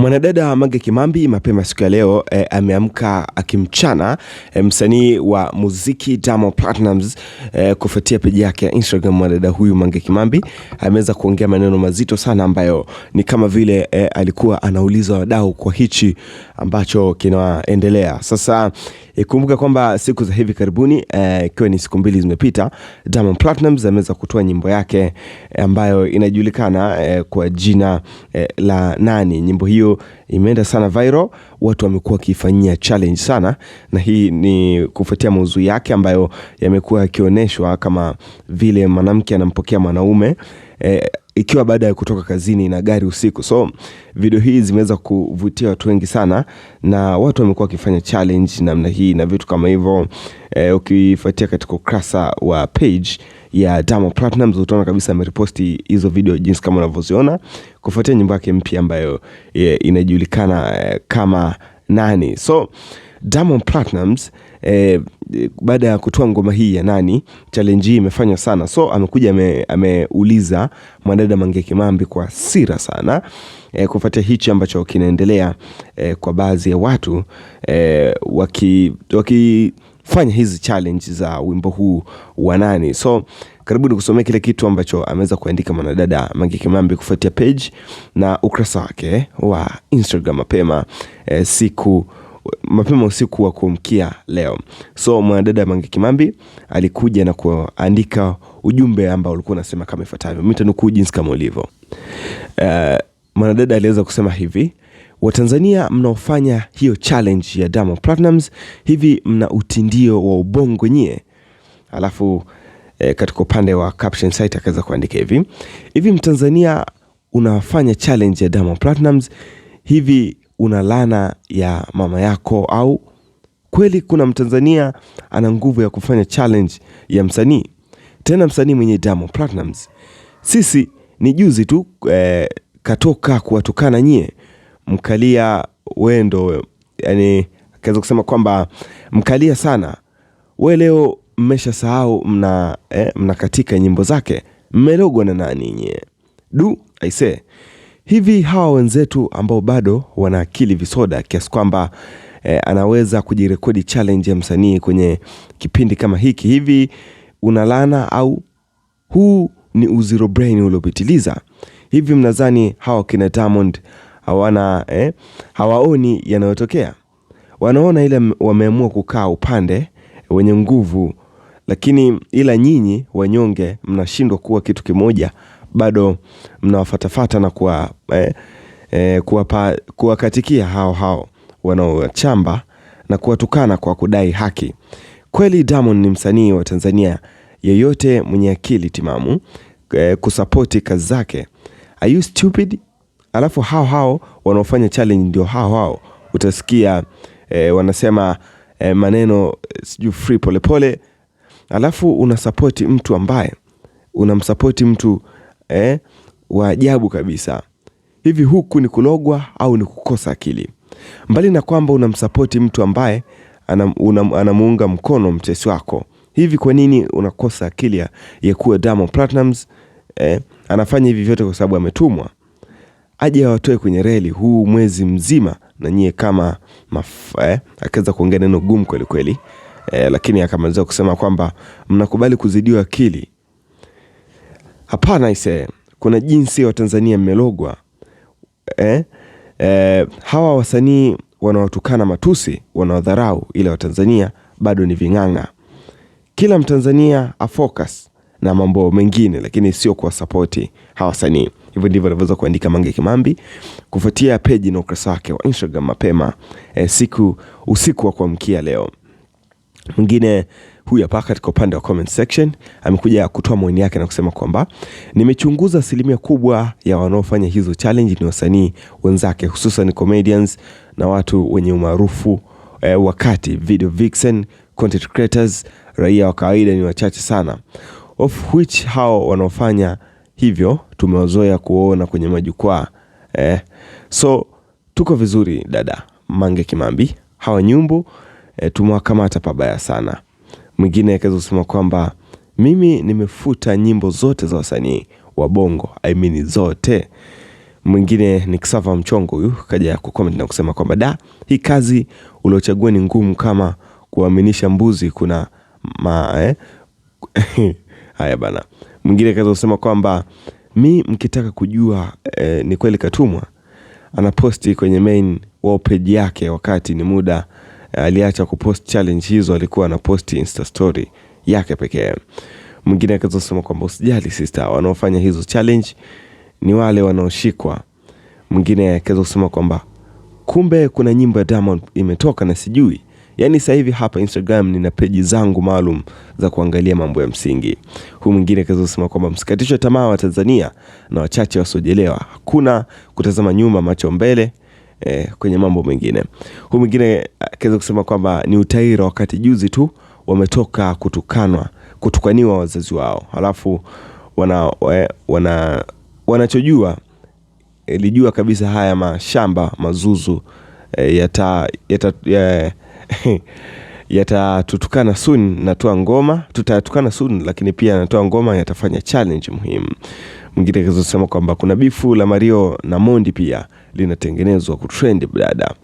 Mwanadada Mange Kimambi mapema siku ya leo e, ameamka akimchana e, msanii wa muziki Diamond Platnumz e, kufuatia peji yake ya Instagram. Mwanadada huyu Mange Kimambi ameweza kuongea maneno mazito sana ambayo ni kama vile e, alikuwa anauliza wadau kwa hichi ambacho kinaendelea sasa. Ikumbuka e, kwamba siku za hivi karibuni ikiwa e, ni siku mbili zimepita, Diamond Platnumz ameweza kutoa nyimbo yake ambayo inajulikana e, kwa jina e, la nani. Nyimbo hiyo imeenda sana viral, watu wamekuwa wakifanyia challenge sana, na hii ni kufuatia mauzui yake ambayo yamekuwa yakionyeshwa kama vile mwanamke anampokea mwanaume e, ikiwa baada ya kutoka kazini na gari usiku. So video hii zimeweza kuvutia watu wengi sana, na watu wamekuwa wakifanya challenge namna hii na vitu kama hivyo e, ukifuatia katika ukurasa wa page ya Diamond Platnumz, utaona kabisa ameriposti hizo video jinsi kama unavyoziona kufuatia nyimbo yake mpya ambayo e, inajulikana e, kama nani. So Diamond Platnumz eh, baada ya kutoa ngoma hii ya nani, challenge hii imefanywa sana, so amekuja ameuliza ame mwanadada Mange Kimambi kwa sira sana eh, kufuatia hichi ambacho kinaendelea eh, kwa baadhi ya watu eh, waki, waki kufanya hizi challenge za wimbo huu wa nani. So karibu ni kusomea kile kitu ambacho ameweza kuandika mwanadada Mange Kimambi kufuatia page na ukurasa wake wa Instagram mapema e, siku mapema usiku wa kuamkia leo. So mwanadada Mange Kimambi alikuja na kuandika ujumbe ambao ulikuwa unasema kama ifuatavyo, mimi nitanukuu jinsi kama ulivyo. Uh, mwanadada aliweza kusema hivi Watanzania mnaofanya hiyo challenge ya Diamond Platnumz, hivi mna utindio wa ubongo nyie? Alafu e, katika upande wa caption site akaweza kuandika hivi hivi, Mtanzania unafanya challenge ya Diamond Platnumz, hivi una laana ya mama yako au kweli kuna Mtanzania ana nguvu ya kufanya challenge ya msanii tena msanii mwenye Diamond Platnumz? Sisi ni juzi tu e, katoka kuwatukana nyie Mkalia wendo, yani, kaweza kusema kwamba Mkalia sana we leo sahau mna eh, mnakatika nyimbo zake, mmelogwa na nani nyie? Du aise, hivi hawa wenzetu ambao bado wana akili visoda kiasi kwamba eh, anaweza kujirekodi challenge ya msanii kwenye kipindi kama hiki, hivi unalana au huu ni uzero brain uliopitiliza? Hivi mnadhani hawa kina Diamond hawana eh, hawaoni yanayotokea. Wanaona ile wameamua kukaa upande wenye nguvu, lakini ila nyinyi wanyonge mnashindwa kuwa kitu kimoja, bado mnawafatafata na kuwa eh, eh, kuwakatikia hao hao wanaochamba na kuwatukana kwa kudai haki. Kweli Diamond ni msanii wa Tanzania yeyote mwenye akili timamu eh, kusapoti kazi zake. Are you stupid? alafu hao hao wanaofanya challenge ndio hao hao utasikia e, wanasema e, maneno eh, sijui free polepole pole. Alafu unasapoti mtu ambaye unamsapoti mtu eh, wa ajabu kabisa. Hivi huku ni kulogwa au ni kukosa akili? Mbali na kwamba unamsapoti mtu ambaye anam, anamuunga mkono mtesi wako, hivi kwa nini unakosa akili ya kuwa Diamond Platnumz eh, anafanya hivi vyote kwa sababu ametumwa? aje awatoe kwenye reli huu mwezi mzima na nyie kama maf, eh, akaweza kuongea neno gumu kweli kweli eh, lakini akamaliza kusema kwamba mnakubali kuzidiwa akili. Hapana ise, kuna jinsi Watanzania mmelogwa eh, eh, hawa wasanii wanaotukana matusi wanaodharau, ila Watanzania bado ni ving'ang'a. Kila Mtanzania afocus na mambo mengine, lakini sio kuwasapoti hawa wasanii. Hivyo ndivyo alivyoweza kuandika Mange Kimambi kufuatia peji na ukurasa wake wa Instagram mapema e, siku usiku wa kuamkia leo. Mwingine huyu hapa katika upande wa comment section amekuja kutoa maoni yake na kusema kwamba nimechunguza, asilimia kubwa ya wanaofanya hizo challenge ni wasanii wenzake, hususan comedians na watu wenye umaarufu e, wakati video vixen, content creators, raia wa kawaida ni wachache sana, of which hao wanaofanya hivyo tumewazoea kuona kwenye majukwaa eh. So tuko vizuri dada Mange Kimambi. Hawa nyumbu eh, tumewakamata pabaya sana. Mwingine akaweza kusema kwamba mimi nimefuta nyimbo zote za wasanii wa Bongo, I mean zote. Mwingine ni Kisava Mchongo, huyu kaja kucomment na kusema kwamba da, hii kazi uliochagua ni ngumu kama kuaminisha mbuzi kuna ma, eh? haya bana Mwingine kaweza kusema kwamba mi mkitaka kujua e, ni kweli katumwa, anaposti kwenye main page yake, wakati ni muda eh, aliacha kupost challenge hizo, alikuwa anaposti insta story yake pekee. Mwingine akaweza kusema kwamba usijali sister, wanaofanya hizo challenge ni wale wanaoshikwa. Mwingine akaweza kusema kwamba kumbe kuna nyimbo ya Diamond imetoka na sijui Yaani sasa hivi hapa Instagram nina peji zangu maalum za kuangalia mambo ya msingi. Huyu mwingine kaweza kusema kwamba msikatishwe tamaa wa Tanzania na wachache wasiojelewa. Hakuna kutazama nyuma, macho mbele eh, kwenye mambo mengine. Huyu mwingine kaweza kusema kwamba ni utaira, wakati juzi tu wametoka kutukanwa, kutukaniwa wazazi wao, halafu wana, eh, wana wanachojua ilijua eh, kabisa haya mashamba mazuzu eh, yata, yata, yata, yatatutukana soon, natoa ngoma, tutatukana soon, lakini pia natoa ngoma, yatafanya challenge muhimu. Mwingine akizosema kwamba kuna bifu la Mario na Mondi pia linatengenezwa kutrend dada.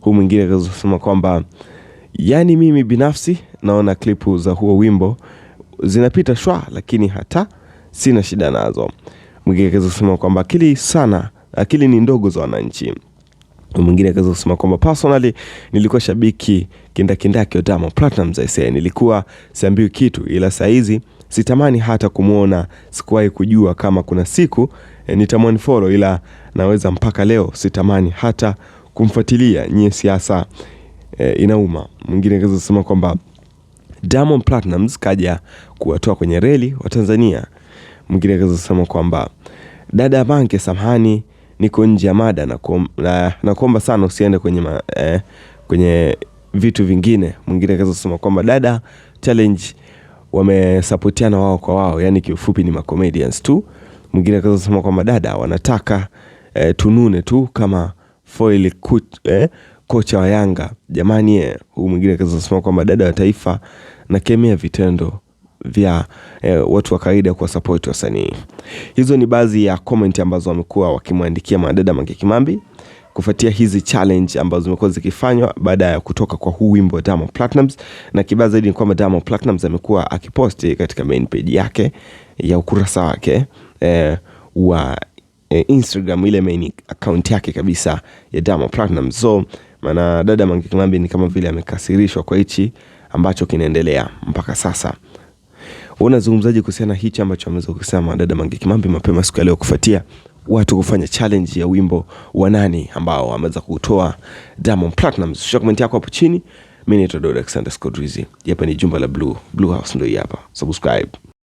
Huu mwingine akazosema kwamba yani, mimi binafsi naona klipu za huo wimbo zinapita shwa, lakini hata sina shida nazo. Mwingine akazosema kwamba akili sana, akili ni ndogo za wananchi mwingine akaweza kusema kwamba personally nilikuwa shabiki kindakindaki wa Diamond Platnumz aisee, nilikuwa siambiwi kitu, ila saizi sitamani hata kumwona. Sikuwahi kujua kama kuna siku e, eh, nitamwani follow, ila naweza mpaka leo sitamani hata kumfuatilia. Nyie siasa e, inauma. Mwingine akaweza kusema kwamba Diamond Platnumz kaja kuwatoa kwenye reli wa Tanzania. Mwingine akaweza kusema kwamba dada Mange, samahani niko nje ya mada na, na, na kuomba sana usiende kwenye, ma, eh, kwenye vitu vingine. Mwingine akaweza kusema kwamba dada challenge wamesapotiana wao kwa wao, yani kiufupi ni macomedians tu. Mwingine akaweza kusema kwamba dada wanataka eh, tunune tu kama foil kut, eh, kocha wa Yanga jamani. Eh, Huu mwingine akaweza kusema kwamba dada wa taifa na vitendo vya eh, watu wa kawaida kwa support wasanii. Hizo ni baadhi ya comment ambazo wamekuwa wakimwandikia madada Mange Kimambi kufuatia hizi challenge ambazo zimekuwa zikifanywa baada ya kutoka kwa huu wimbo wa Diamond Platnumz, na kibaya zaidi ni kwamba Diamond Platnumz amekuwa akiposti katika main page yake ya ukurasa wake eh, wa eh, Instagram, ile main account yake kabisa ya Diamond Platnumz. So maana dada Mange Kimambi ni kama vile amekasirishwa kwa hichi ambacho kinaendelea mpaka sasa. Unazungumzaje kuhusiana hichi ambacho ameweza kusema dada Mange Kimambi mapema siku ya leo kufuatia watu kufanya challenge ya wimbo wa nani ambao wameweza kutoa Diamond Platnumz? Shusha comment yako hapo chini. Mimi ni Alexander Scott Rizzi. Hapa ni jumba la Blue. Blue House ndio hapa. Subscribe.